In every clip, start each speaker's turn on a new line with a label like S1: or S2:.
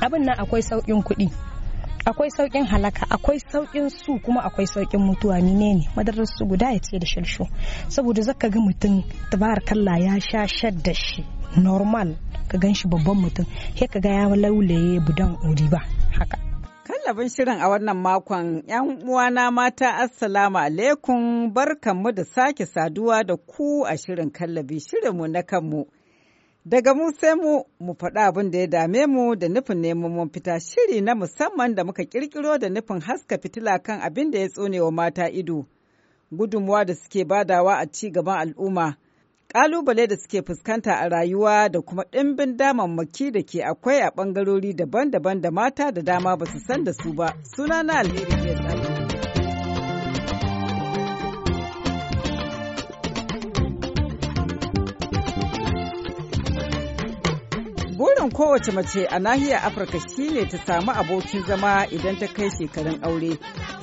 S1: abin nan akwai sauƙin kuɗi akwai sauƙin halaka akwai sauƙin su kuma akwai sauƙin mutuwa Menene ne madarar su guda ya ce da shalsho saboda zaka ga mutum kalla ya sha shadda shi normal ka gan shi babban mutum he ka ga ya laulaye budan ori ba haka
S2: abin shirin a wannan makon, ‘yan uwana mata Assalamu alaikum barkanmu da sake saduwa da ku a shirin kallabi shirinmu na kanmu. Daga mu sai mu mu faɗa abin da ya dame mu da nufin neman mun fita shiri na musamman da muka ƙirƙiro da nufin haska fitila kan abin da ya wa mata ido, gudunmuwa da suke badawa a ci gaban al'umma. ƙalubale da suke fuskanta a rayuwa da kuma ɗimbin damammaki da ke akwai a ɓangarori daban-daban da mata da dama ba su san da su ba. suna na Alheri burin kowace mace a nahiyar afirka shine ta samu abokin zama idan ta kai shekarun aure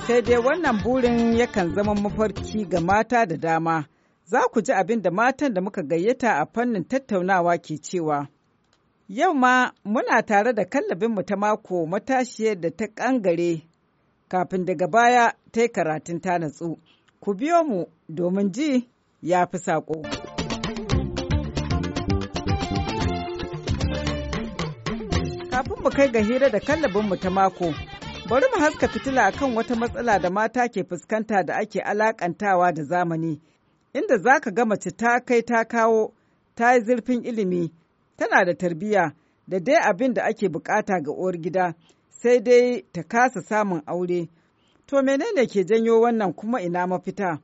S2: sai dai wannan burin yakan zama mafarki ga mata da dama za ku ji abin da matan da muka gayyata a fannin tattaunawa ke cewa. Yau ma muna tare da kallabinmu ta mako matashiyar da ta kangare kafin daga baya ta yi karatun ta natsu. Ku biyo mu domin ji ya fi saƙo. Kafin mu kai ga hira da kallabinmu ta mako, bari mu haska fitila akan wata matsala da mata ke fuskanta da ake alakantawa da zamani. inda za ka ga mace ta kai ta kawo ta yi zurfin ilimi tana da tarbiyya da dai abin da ake bukata ga uwar gida sai dai ta kasa samun aure to menene ke janyo wannan kuma ina mafita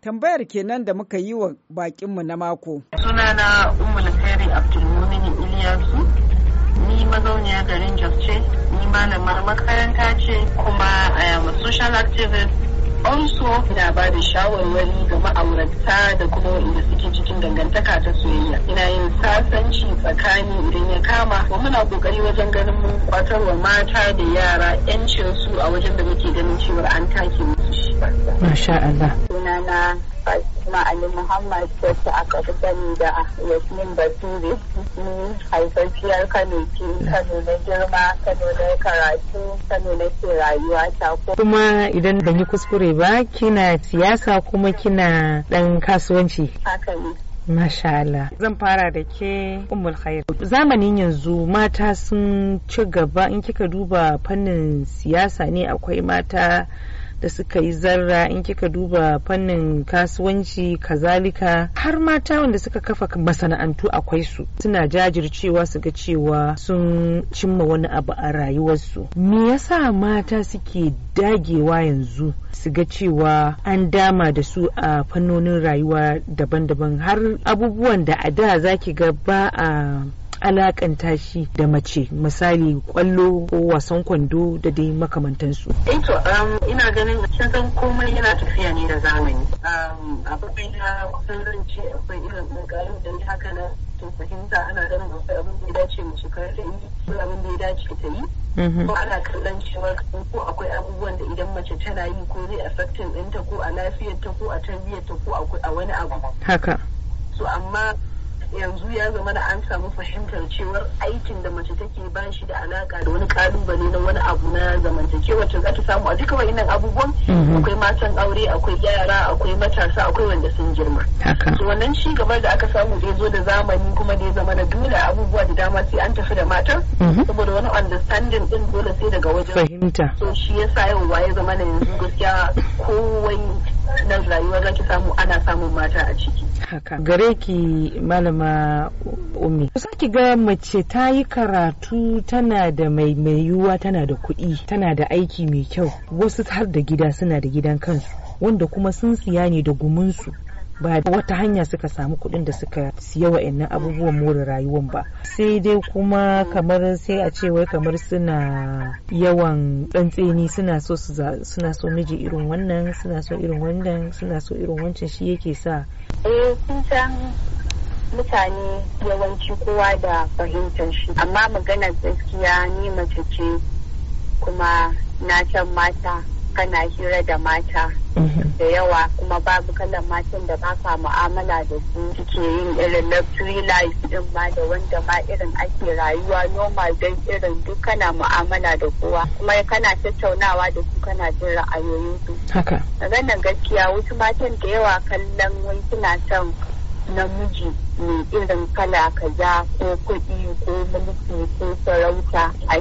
S2: tambayar kenan da muka yi wa bakinmu na mako sunana
S3: ummul khairi abdulmumin iliyasu ni mazauniya garin jos ce ni malamar makaranta ce kuma social activist onso na ba da shawarwari ga ma'aurata da kuma wanda suke cikin dangantaka ta soyayya ina yin sasanci tsakani idan ya kama kuma muna ƙoƙari wajen ganin mun kwatarwa mata da yara yancin su a wajen da muke ganin cewa an take musu
S4: shi masha Allah sunana kuma Ali Muhammad wacce aka fi sani da Yasmin Bature ni haifafiyar Kano ce Kano na girma Kano na karatu Kano na ke rayuwa ta kuma idan
S5: ban yi kuskure ba kina siyasa kuma kina dan kasuwanci haka ne Masha Allah. Zan fara da ke Ummul Khair. Zamanin yanzu mata sun ci gaba in kika duba fannin siyasa ne akwai mata da suka yi zarra in kika duba fannin kasuwanci kazalika har mata wanda suka kafa masana'antu akwai su suna jajircewa su ga cewa sun cimma wani abu a rayuwarsu me yasa mata suke dagewa yanzu su ga cewa an dama da su a fannonin rayuwa daban-daban har abubuwan da a da zaki ga ba a alakanta shi da mace misali kwallo ko wasan kwando da dai makamantansu.
S3: Eh to um, ina ganin
S4: kin san komai yana tafiya ne da zamani.
S3: Um, abubuwan na kusan zan ce akwai irin ƙoƙarin da ni haka na to fahimta ana ganin akwai abin da ya dace mace kar ta yi ko abin da ya dace ta yi. Mm-hmm. Ko ana kallon cewa ko akwai abubuwan da idan mace tana yi ko zai a affecting ɗinta ko a lafiyarta ko a tarbiyyarta ko a wani abu. Haka. So amma yanzu ya zama da an samu fahimtar cewar aikin da mace take ba shi da alaka da wani kalubale na wani abu na zamantakewa ta za ta samu a duka wa'innan abubuwan mhm. akwai matan aure akwai yara akwai matasa akwai wanda sun girma to wannan ci gabar da aka samu da zo da zamani kuma da ya zama da dole abubuwa da dama sai an tafi da matan mhm. saboda wani understanding din dole sai daga wajen fahimta so shi yasa yau ya zama na yanzu gaskiya kowai nan rayuwa za ki samu ana samun mata a ciki.
S5: Haka gare ki malama umi. Kusa ki ga mace ta yi karatu tana da mai mai yiwuwa tana da kuɗi tana da aiki mai kyau wasu har da gida suna da gidan kansu wanda kuma sun siya ne da gumunsu ba wata hanya suka samu kuɗin da suka siya wa'annan abubuwan more rayuwan ba sai dai kuma kamar sai a ce wai kamar suna yawan tsantseni suna so suna so miji irin wannan suna so irin wannan suna so irin wancan shi yake sa
S4: e mutane yawanci kowa da fahimtar shi amma maganar gaskiya ni mace ce kuma na san mata kana hira da mata mm-hmm. da yawa kuma babu kalan matan da ba ka mu'amala da su suke yin irin na free life din ma da wanda ma irin ake rayuwa normal don irin duk kana mu'amala da kowa kuma kana tattaunawa da su kana jin ra'ayoyin su haka nan gaskiya wasu matan da yawa kallon wani suna son namiji ne irin kala kaza ko kuɗi ko mulki ko sarauta a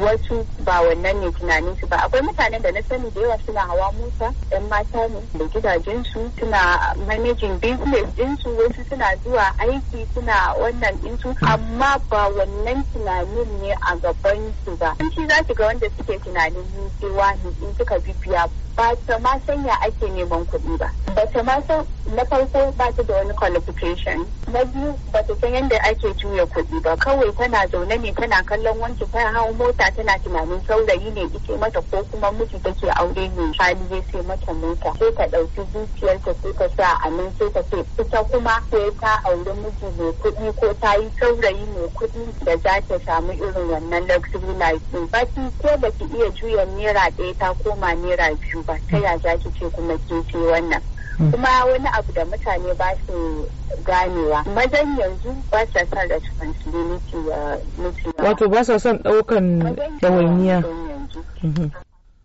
S4: wasu ba wannan ne tunanin su ba akwai mutanen da na sani da yawa suna hawa mota yan mata ne da gidajensu suna managing business ɗinsu wasu suna zuwa aiki suna wannan su amma ba wannan tunanin ne a gaban su ba. Sun za su ga wanda suke tunanin ni wani in suka bibiya ba ta ma sanya ake neman kuɗi ba ba ta ma san na farko ba ta da wani qualification na biyu ba ta san yadda ake juya kuɗi ba kawai tana zaune ne tana kallon wanki tana hawa mota tana tunanin saurayi ne ike mata ko kuma miji take aure ne hali zai sai mata mota sai ta ɗauki zuciyarta sai ta sa a nan sai ta ce ita kuma sai ta auri miji mai kuɗi ko ta yi saurayi mai kuɗi da za ta samu irin wannan luxury life ɗin ba ki ko ba ki iya juya naira ɗaya ta koma naira biyu ba ta ya za ki ce kuma ke ce wannan hmm. kuma wani abu da mutane ba su ganewa mazan yanzu ba sa son responsibility ya uh, wato ba sa son daukan dawainiya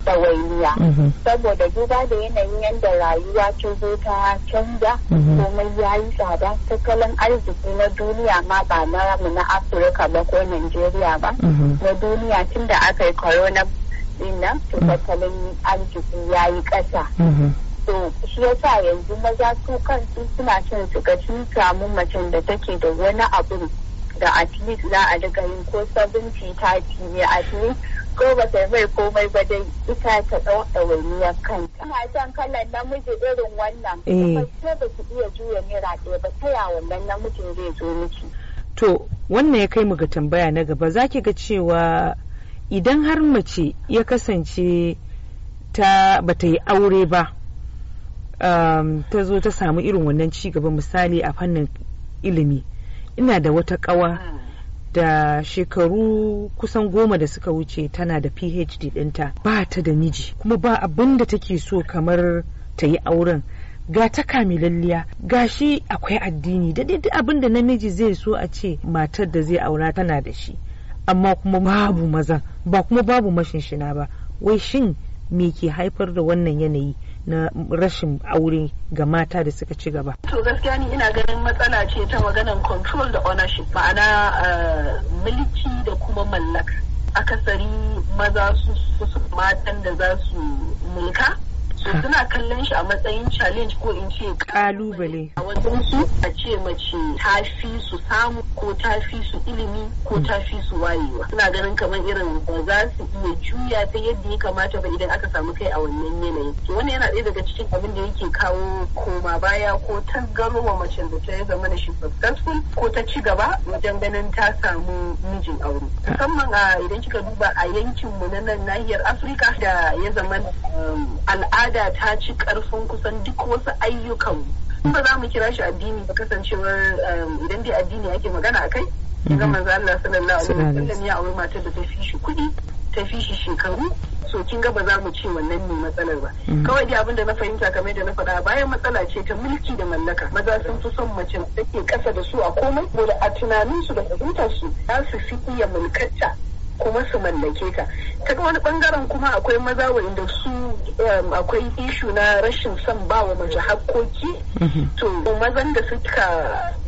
S4: dawainiya mhm. mhm. saboda duba da yanayin yadda rayuwa ta zo ta canza mhm. komai ya yi tsada kalan arziki na duniya ma ba na mu na afirka ba ko najeriya ba na duniya tun da aka yi corona din nan to mm. tattalin arziki ya yi ƙasa. Mm-hmm. to shi yasa yanzu maza su kansu suna son su ga sun samu macen da take da wani abu da at least za a daga yin ko sabinci tati ne at least ko ba ta mai komai ba dai ita ta ɗau ɗawainiyar kanta. Ina son kallon namiji irin wannan. Eh. Ba su iya juya naira ɗaya ba ta ya wannan namijin zai zo miki.
S5: To wannan ya kai mu ga tambaya na gaba za ki ga cewa idan har mace ya kasance ta bata yi aure ba um, ta zo ta samu irin wannan cigaba misali a fannin ilimi ina da wata kawa da shekaru kusan goma da suka wuce tana da phd dinta. ba ta da miji kuma ba abin da take so kamar ta yi auren ga ta kamilalliya ga shi akwai addini da daidai abin da namiji zai so a ce matar da zai aura tana da shi amma kuma babu maza ba kuma babu mashinshina ba wai shin me ke haifar da wannan yanayi na rashin aure ga mata da suka ci gaba.
S3: To gaskiya ni ina ganin matsala ce ta maganan control da ownership ma'ana eh, mulki da kuma mallaka. Akasari maza su su matan da za su mulka suna kallon shi a matsayin challenge ko in ce
S5: kalubale
S3: a wajen su a ce mace ta fi su samu ko ta fi su ilimi ko ta fi su wayewa suna ganin kamar irin ba za su iya juya ta yadda ya kamata ba idan aka samu kai a wannan yanayin to wannan yana ɗaya daga cikin abin da yake kawo koma baya ko ta gano wa mace da ta zama da shi successful ko ta ci gaba wajen ganin ta samu mijin aure musamman a ah, idan kika duba a yankin mu na nan nahiyar Afirka da ya zama um, al'ada da ta ci karfin kusan duk wasu ayyukan in ba za mu kira shi addini ba kasancewar um, idan dai addini ake magana a akai ga mhm. manzo Allah sallallahu alaihi wasallam ya aure matar da ta fi shi kuɗi ta fi shi shekaru so kin ga ba za mu ce wannan ne matsalar ba mhm. kawai dai abin da na fahimta kamar da na faɗa bayan matsala ce ta mulki da mallaka maza sun fi son mace da ke ƙasa da su a komai da a tunanin su da fahimtar su za su fi iya mulkacta kuma su mallake ka ta wani bangaren kuma akwai maza wanda su um, akwai ishu na rashin son ba wa mace hakkoki mhm. to mazan da suka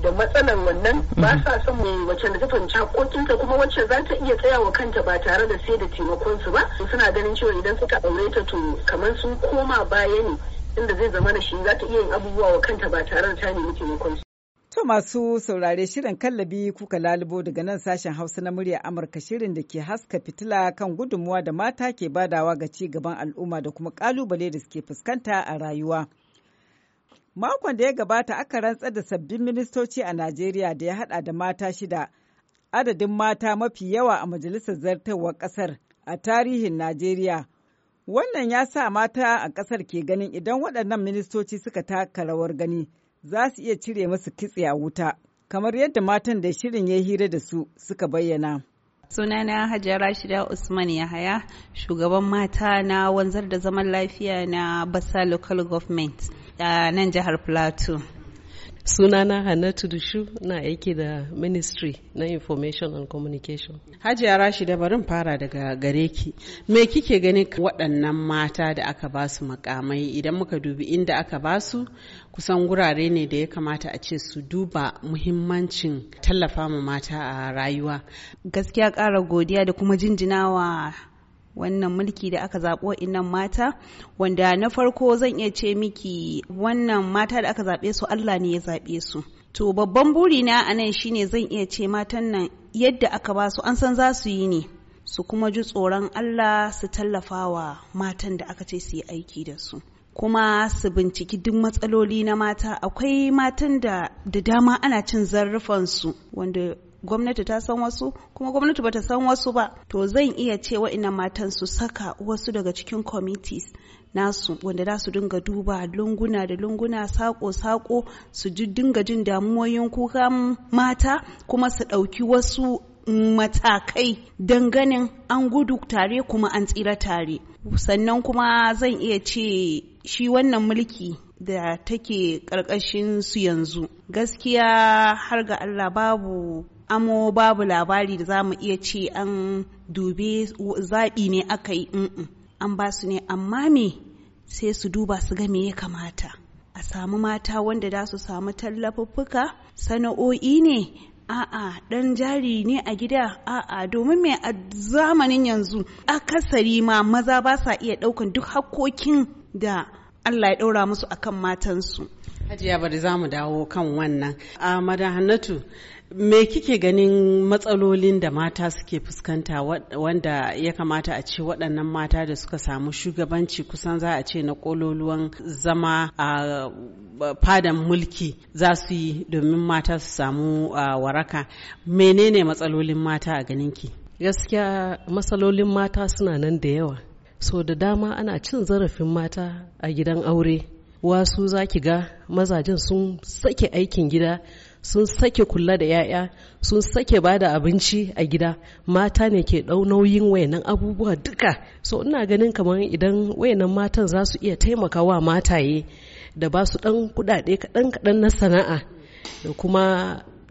S3: da matsalar wannan ba mhm. sa son mai wacce da ta fahimci hakkokinta kuma wacce za ta iya tsaya wa kanta ba tare da sai da taimakon su ba suna ganin cewa idan suka aure ta to kamar sun koma baya ne inda zai zama da shi za ta iya yin abubuwa wa kanta ba tare da ta nemi taimakon su
S2: To masu saurare shirin kallabi kuka lalubo daga nan sashen Hausa na murya Amurka shirin da ke haska fitila kan gudunmuwa da mata ke badawa ga ci gaban al'umma da kuma kalubale da suke fuskanta a rayuwa. Makon da ya gabata aka rantsar da sabbin ministoci a Najeriya da ya hada da mata shida, adadin mata mafi yawa a majalisar zartarwar kasar a tarihin Najeriya. Wannan ya sa mata a kasar ke ganin idan waɗannan ministoci suka taka rawar gani. za su iya cire masu kitse a wuta, kamar yadda matan da shirin ya hira da su suka bayyana.
S6: sunana hajara shida usman yahaya shugaban mata na wanzar da zaman lafiya na basa local government a nan jihar plateau sunana
S7: hannatu dushu na aiki da ministry na information and communication hajiya rashida
S8: barin fara daga gare ki me kike ganin waɗannan mata da aka ba su makamai idan muka dubi inda aka ba su kusan gurare ne da ya kamata a ce su duba
S6: muhimmancin tallafa ma mata a rayuwa gaskiya ƙara godiya da kuma jinjinawa wannan mulki da aka zaɓo innan mata wanda na farko zan iya ce miki wannan mata da aka zaɓe su Allah ne ya zaɓe su to babban burina a nan shine zan iya ce matan nan yadda aka ba su an san za su yi ne su kuma ji tsoron Allah su tallafa wa matan da aka ce su yi aiki da su kuma su binciki duk matsaloli na mata akwai matan da dama ana cin zarrufansu wanda gwamnati ta san wasu kuma gwamnati bata san wasu ba to zan iya ce wa'ina matan su saka wasu daga cikin committees nasu wanda za su dinga duba lunguna da lunguna sako-sako su dinga jin damuwoyin kuka mata kuma su ɗauki wasu matakai danganin an gudu tare kuma an tsira tare sannan kuma zan iya ce shi wannan mulki da take ƙarƙashin su yanzu gaskiya har ga allah babu amo babu labari da za mu iya ce an dube zaɓi ne aka yi an ba su ne amma me sai su duba su ga me ya kamata a samu mata wanda za su samu tallafuffuka sana'o'i ne a'a ɗan jari ne a gida a'a domin me a zamanin yanzu akasari ma maza ba sa iya ɗaukan duk hakkokin da Allah ya ɗaura musu akan matansu.
S8: Hajiya bari za mu dawo kan wannan. A madahannatu Me kike ganin matsalolin da mata suke fuskanta wanda ya kamata a ce waɗannan mata da suka samu shugabanci kusan za a ce na ƙololuwan zama a fadan mulki za su yi domin mata su samu waraka. Menene matsalolin mata a ganinki?
S7: Gaskiya matsalolin mata suna nan da yawa. So da dama ana cin zarafin mata a gidan aure. Wasu za ki ga mazajen sun sake aikin gida. sun sake kula da 'ya'ya sun sake ba da abinci a gida mata ne ke ɗau nauyin wayannan abubuwa duka so ina ganin kamar idan wayannan matan za su iya taimakawa mataye da ba su ɗan kuɗaɗe kaɗan-kaɗan na sana'a da kuma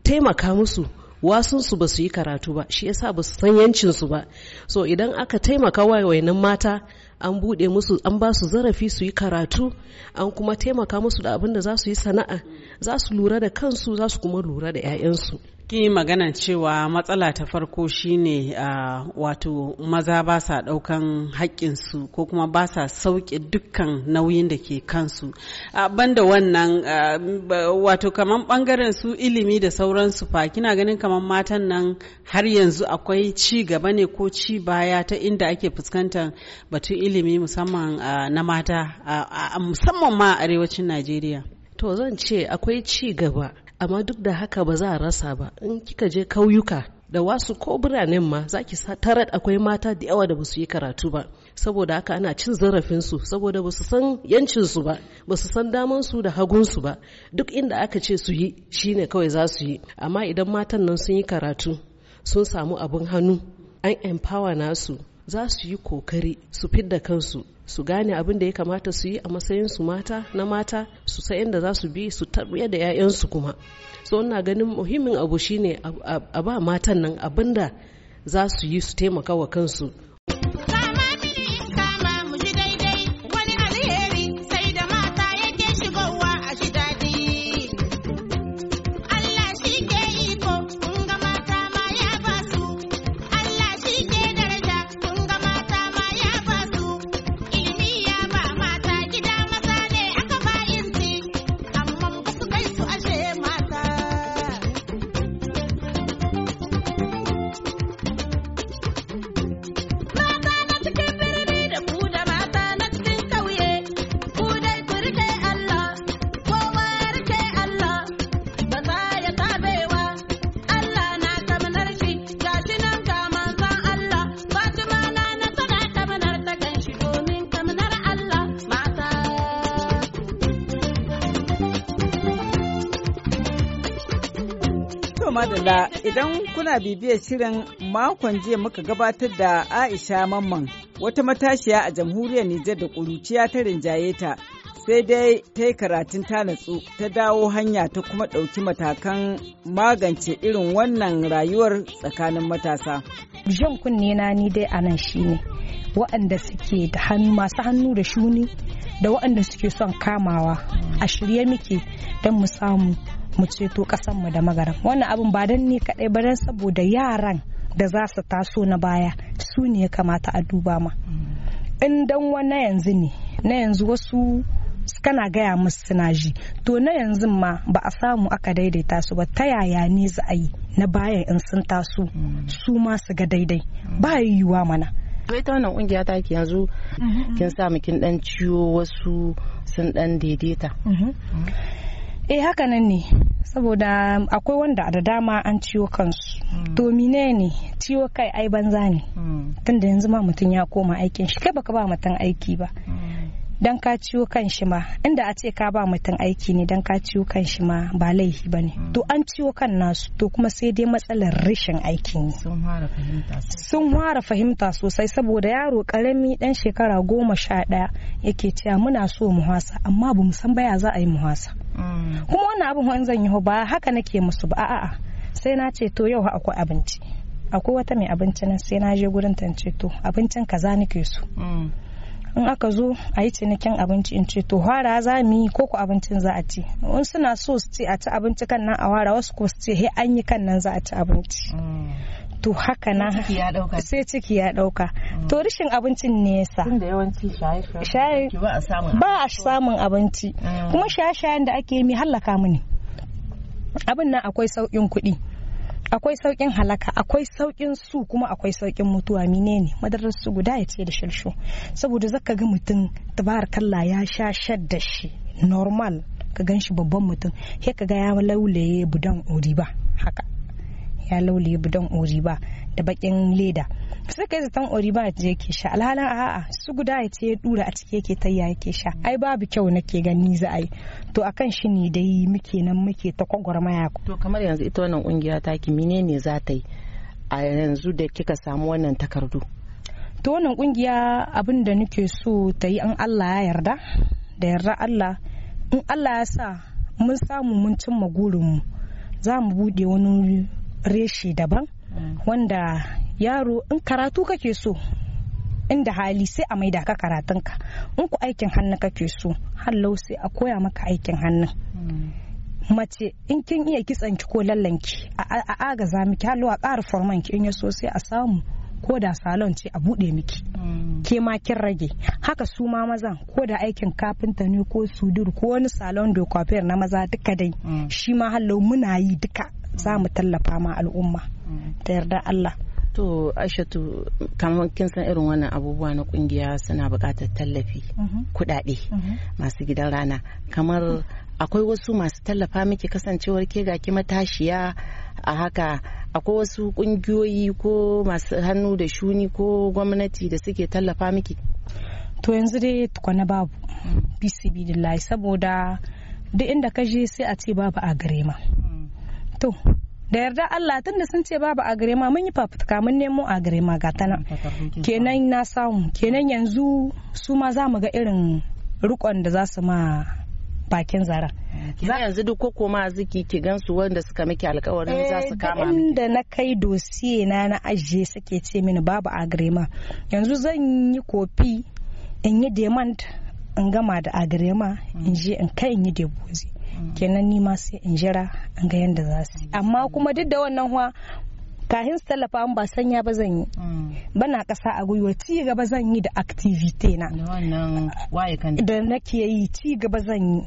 S7: taimaka musu wasunsu ba su yi karatu ba shi yasa ba su san yancinsu ba so idan aka taimaka wa wayannan mata an bude musu an ba su zarafi su yi karatu an kuma taimaka musu da abin da za su yi sana'a za su lura da kansu za su kuma lura da 'ya'yansu
S8: ki magana cewa matsala ta farko shine uh, wato maza ba sa ɗaukan haƙƙinsu ko kuma ba sa sauƙi dukkan nauyin da ke kansu uh, banda wannan wato kaman ɓangaren su ilimi da sauransu fa kina ganin kaman matan nan har yanzu akwai ci gaba ne ko ci baya ta inda ake fuskantar batun ilimi musamman na mata
S7: musamman ma a arewacin najeriya to zan ce akwai ci gaba amma duk da haka ba za a rasa ba in kika je kauyuka da wasu ko biranen ma za ki tarar akwai mata da yawa da ba su yi karatu ba saboda haka ana cin zarafinsu saboda ba su san yancinsu ba ba su san damansu da hagunsu ba duk inda aka ce su yi ne kawai za su yi amma idan matan nan sun yi karatu sun samu abin hannu an empower nasu za su yi kokari su fidda kansu su gane abin da ya kamata su yi a matsayin su mata na mata su sa yadda za su bi su tarbiya da 'ya'yansu kuma so ina ganin muhimmin abu shine a ba matan nan abin da za su yi su taimaka wa kansu
S2: Idan kuna bibiyar shirin makon jiya muka gabatar da Aisha Mamman wata matashiya a jamhuriyar Nijar da ƙuruciya ta rinjaye ta sai dai ta yi karatun ta natsu ta dawo hanya ta kuma ɗauki matakan magance irin wannan rayuwar tsakanin matasa.
S1: Jan kunne na ni dai a nan ne waɗanda suke da hannu masu hannu da shuni da waɗanda suke son kamawa a shirye muke don mu samu mu ceto mu da magaran wannan abin ba dan ni kaɗai ba dan saboda yaran da za su taso na baya su ne ya kamata a duba ma in dan wani yanzu ne na yanzu wasu kana gaya musu suna ji to na yanzu ma ba a samu aka daidaita su ba ta yaya ne za a yi na bayan in sun taso su ma su ga daidai ba
S9: yiwuwa mana bai ta wannan kungiya ta ki yanzu mhm. kin sa kin dan ciwo wasu sun dan daidaita mhm. eh haka nan ne saboda
S1: akwai wanda da dama an ciwo kansu hmm. to mine ne ciwo kai ai banza ne hmm. tunda yanzu ma mutum ya koma aikin shi kai baka ba mutum aiki ba dan ka ciwo kan shi ma inda a ce ka ba mutum aiki ne dan ka ciwo kan shi ma ba laifi ba ne mm. to an ciwo kan nasu to kuma sai dai matsalar rashin aiki ne. sun fara fahimta sosai saboda yaro karami dan shekara goma sha ɗaya yake cewa muna so mu hasa amma bamu mu san baya za a yi mu hasa mm. kuma wannan abin zan yi ba haka nake musu ba a'a sai na ce to yau akwai abinci akwai wata mai abinci nan sai na je gurin tance to abincin kaza nake so mm. in aka zo a yi cinikin abinci in ce to hara za mu yi koko abincin za a ci in suna so su ce a ci abinci kan nan a wara wasu ko su ce he an yi kan nan za a ci abinci mm. to haka na sai ciki ya dauka mm. to rishin abincin ne yasa ba a samun abinci mm. kuma shaye-shayen da ake yi mai hallaka mu ne abin nan akwai sauƙin kuɗi akwai sauƙin halaka akwai sauƙin su kuma akwai sauƙin mutuwa menene madarar su guda ya ce da shalsho saboda zaka ga mutum tabarakallah ya sha shadda shi normal ka gan shi babban mutum ya ka ga ya laulaye budan ori ba haka ya laulaye budan oriba da bakin leda sai kai zaton oriba je yake sha alhalin a'a su guda ya ce ya dura a ciki yake tayya yake sha ai babu kyau nake gani za a yi to akan shi ne dai muke nan muke ta kwagwarmaya to
S9: kamar yanzu ita wannan kungiya ta ki menene za ta yi a yanzu da kika samu wannan takardu
S1: to wannan kungiya abin da nake so ta yi an Allah ya yarda da yarda Allah in Allah ya sa mun samu mun cimma gurinmu za mu bude wani Reshe daban mm. wanda yaro in karatu kake so inda hali sai a maida ka karatunka in ku aikin hannu kake so hallau sai a koya maka aikin hannun mm. mace in kin iya kitsanki ko lallanki a agaza miki hallau a ƙara ki in ya so sai a samu ko da salon ce a buɗe miki mm. ke ma kin rage haka su ma mazan ko da aikin kafinta ne ko sudur ko wani salon dokafiyar na maza duka dai shi ma hallau muna yi duka
S9: za mu tallafa ma al'umma ta mm. yarda Allah to aishatu kamar kin san irin wannan abubuwa na kungiya suna buƙatar tallafi mm-hmm. kuɗaɗe mm-hmm. masu gidan rana kamar akwai wasu masu tallafa miki kasancewar ke ga ki matashiya a haka akwai wasu ƙungiyoyi ko masu hannu da shuni ko gwamnati da suke tallafa miki to yanzu dai tukwana babu
S1: mm. bcb saboda duk inda ka je sai a ce babu a gare ma to da yarda Allah tunda sun ce babu agrema mun yi fafutuka mun nemo agrema ga tana kenan na samu kenan yanzu su ma za mu ga irin rukon da za su ma bakin zara
S9: za yanzu duk ko koma ziki ki gansu wanda suka miki alkawarin za su eh, kama miki
S1: inda na kai dosiye na na ajiye suke ce mini babu agrema yanzu zan yi kofi in yi demand in gama da agrema in mm. je in kai in yi deposit kenan ni ma sai in jira in ga yadda za su mm. amma kuma duk da wannan huwa kahin su tallafa ba sanya ba zan yi mm. bana kasa a gwiwa ci gaba zan yi da activity na da nake yi ci gaba zan yi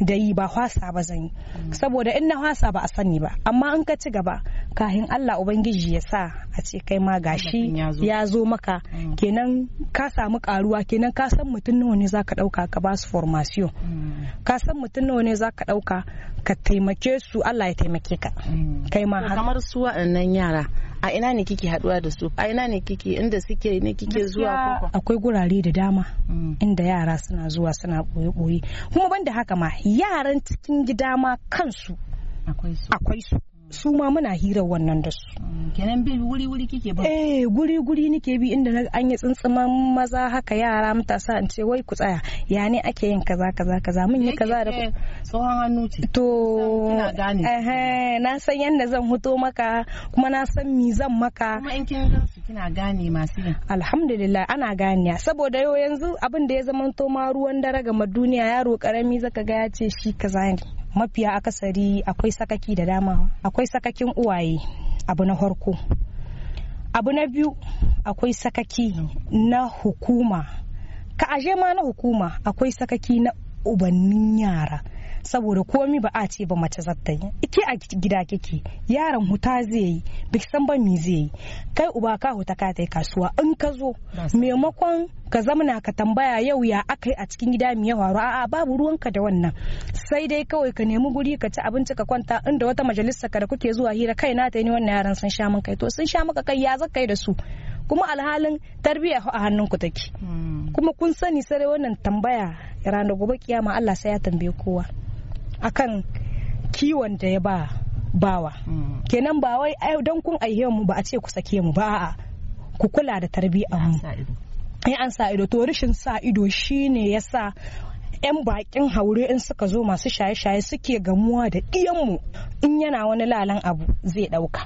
S1: da yi ba hwasa ba zan yi saboda in na hwasa ba a sani ba amma in ka ci gaba kahin Allah ubangiji ya sa a ce kai ma gashi ya zo maka mm. kenan ka samu karuwa kenan ka san mutum nawa ne zaka dauka ka ba su formation mm. ka san mutum nawa ne zaka dauka ka taimake su Allah ya taimake ka mm.
S9: kai ma kamar su waɗannan yara a ina ne kike haduwa da su a ina ne kike inda suke ne kike zuwa
S1: akwai gurare da dama inda yara suna zuwa suna boye boye kuma ban da haka ma yaran cikin gida ma kansu akwai su su ma muna hirar wannan da su
S9: mm, kenan bi wuri wuri kike ba
S1: eh guri guri nike bi inda na an yi tsuntsuman maza haka yara matasa in ce wai ku tsaya ya ne ake yin kaza kaza kaza mun yi kaza da tsohon hannu ce to eh na san yanda zan huto maka kuma na san mi zan maka kuma in kin kina gane masu yin alhamdulillah ana ganiya saboda yau yanzu abin da ya zama to ma ruwan dare ga duniya yaro karami zaka ga ya ce shi kaza ne mafiya akasari akwai sakaki da dama akwai sakakin uwaye abu na harko abu na biyu akwai sakaki na hukuma ka aje ma na hukuma akwai sakaki na ubannin yara saboda komi ba a ce ba mace zata yi ike a gida kike yaran huta zai yi biki san ba mi zai yi kai uba ka huta ka tai kasuwa in ka zo maimakon ka zamana ka tambaya yau ya aka a cikin gida mi ya faru a'a babu ruwanka da wannan sai dai kawai ka nemi guri ka ci abinci ka kwanta inda wata majalisa ka da kuke zuwa hira kai na ta ne wannan yaran sun sha min kai to sun sha maka kai ya zaka kai da su kuma alhalin tarbiyya a hannunku take hmm. kuma kun sani sai wannan tambaya ranar gobe kiyama Allah sai ya tambaye kowa akan kiwon da ya ba bawa mm. kenan ba wai don kun aihe mu ba a ce ku sake mu ba a ku kula da tarbiyyar mu ai eh, an sa ido to rashin sa ido shine yasa yan bakin haure in suka zo masu shaye-shaye suke gamuwa da mu in yana wani lalan abu zai ɗauka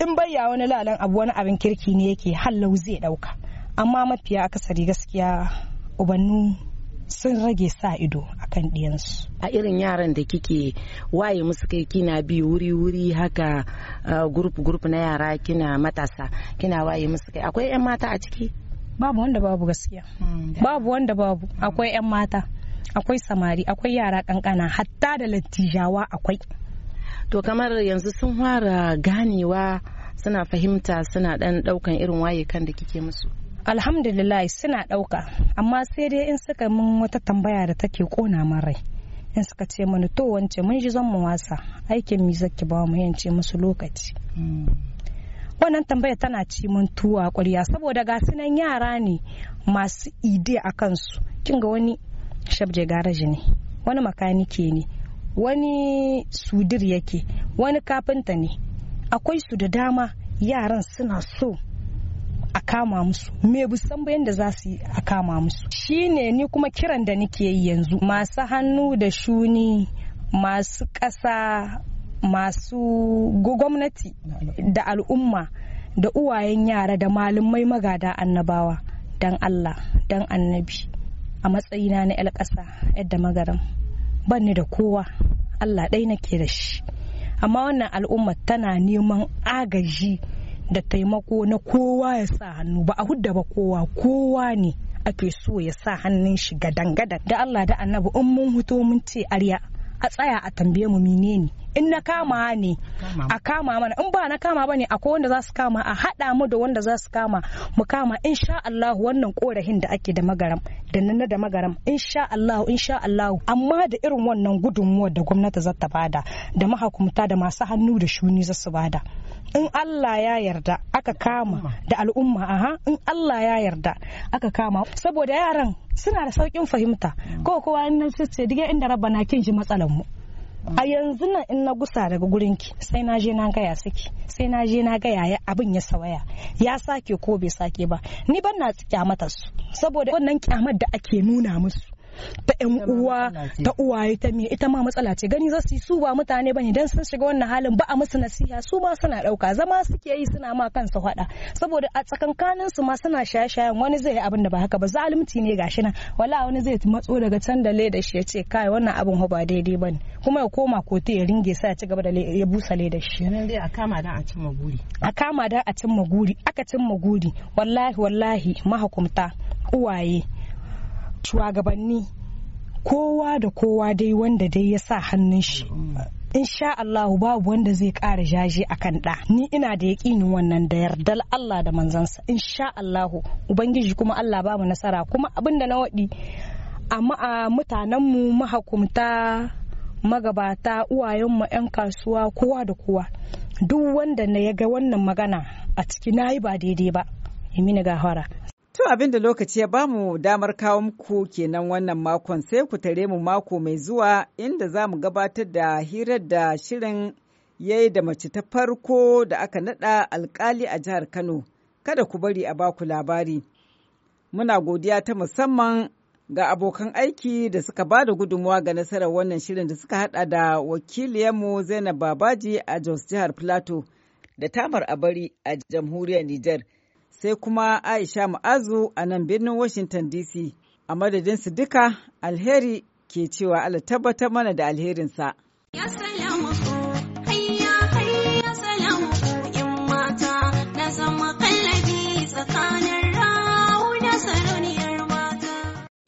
S1: in bayya wani lalan abu wani abin kirki ne yake hallau zai ɗauka amma mafiya akasari gaskiya ubannu sun
S9: rage sa ido a kan ɗiyansu. a irin yaran da kike waye musu kai kina bi wuri-wuri haka gurup-gurup na yara kina matasa kina waye musu kai akwai 'yan mata a ciki babu wanda babu gaskiya hmm. babu wanda babu akwai 'yan mata akwai
S1: samari akwai yara kankana hatta da lattijawa akwai
S9: to kamar yanzu sun fara ganewa suna fahimta suna dan daukan irin waye kan da kike musu alhamdulillah suna ɗauka amma sai dai in suka min wata tambaya
S1: da take kona min rai in suka ce mani to wance mun ji zan mu wasa aikin mi zaki ba mu yance musu lokaci wannan tambaya tana ci mun tuwa ƙwarya saboda ga sunan yara ne masu ide a kansu kin ga wani shabje garaji ne wani makanike ne wani sudir yake wani kafinta ne akwai su da dama yaran suna so kama musu me busan bayan da za su yi a kama musu shine ni kuma kiran da nake yi yanzu masu hannu da shuni masu ƙasa masu gwamnati da al'umma da uwayen yara da malumai magada annabawa don Allah don annabi a matsayina na 'yar ƙasa yadda magaram ban ni da kowa Allah ɗai nake da shi amma wannan al'umma tana neman agaji da taimako na kowa ya sa hannu ba a hudda ba kowa kowa ne ake so ya sa hannun shi ga dangadan da Allah da annabi in mun huto mun ce arya a tsaya a tambaye mu mine ne in na kama ne a kama mana in ba na kama bane akwai wanda za su kama a hada mu da wanda za su kama mu kama insha Allah wannan korahin da ake da magaram da nan da magaram insha Allah insha Allah amma da irin wannan gudunmuwa da gwamnati za ta bada da mahakumta da masu hannu da shuni za su bada in Allah ya yarda aka kama da al'umma aha in Allah ya yarda aka kama saboda yaran suna da saukin fahimta mm. ko kowa in su ce dige inda rabba na kin ji matsalan mu a yanzu nan in na gusa daga gurin ki sai na je na gaya saki sai na je na ga yaya abin ya sawaya ya sake ko bai sake ba ni ban na kyamatar su saboda wannan kyamar da ake nuna musu ta yan uwa ta uwaye ta me ita ma matsala ce gani zasu su yi su ba mutane bane dan sun shiga wannan halin ba a musu nasiha su ma suna dauka zama suke yi suna ma kansu hada saboda a tsakankanin su ma suna shaye-shayen wani zai yi abin da ba haka ba zalunci ne gashi nan wala wani zai matso daga can da leda shi ya ce kai wannan abin ba daidai bane kuma ya koma kotu ya ringe sa ya ci gaba da ya busa leda shi nan dai a kama dan a cimma guri a kama dan a cin maguri aka cimma guri wallahi wallahi mahukumta uwaye shugabanni kowa da kowa dai wanda dai ya sa hannun shi insha Allahu babu wanda zai ƙara jaje a kan ɗa ni ina da yaƙinin wannan da yardal Allah da manzansa insha Allah ubangiji kuma Allah ba mu nasara kuma abin da na waɗi a mutanenmu mahakumta magabata uwayenmu 'yan kasuwa kowa da kowa duk wanda na yaga wannan magana a ciki na yi ba daidai ba yamina gahara
S2: To abin da lokaci ya bamu damar kawo muku kenan wannan makon sai ku tare mu mako mai zuwa inda za mu gabatar da hirar da shirin ya yi da mace ta farko da aka nada alkali a jihar Kano. Kada ku bari a baku labari. Muna godiya ta musamman ga abokan aiki da suka ba da gudunmuwa ga nasarar wannan shirin da suka hada da wakiliyarmu Zainab Babaji a Jos Jihar Plateau da Tamar Abari a Jamhuriyar Nijar. sai kuma Aisha Ma'azu a nan birnin Washington DC. A madadinsu duka alheri ke cewa Allah tabbatar mana da alherinsa.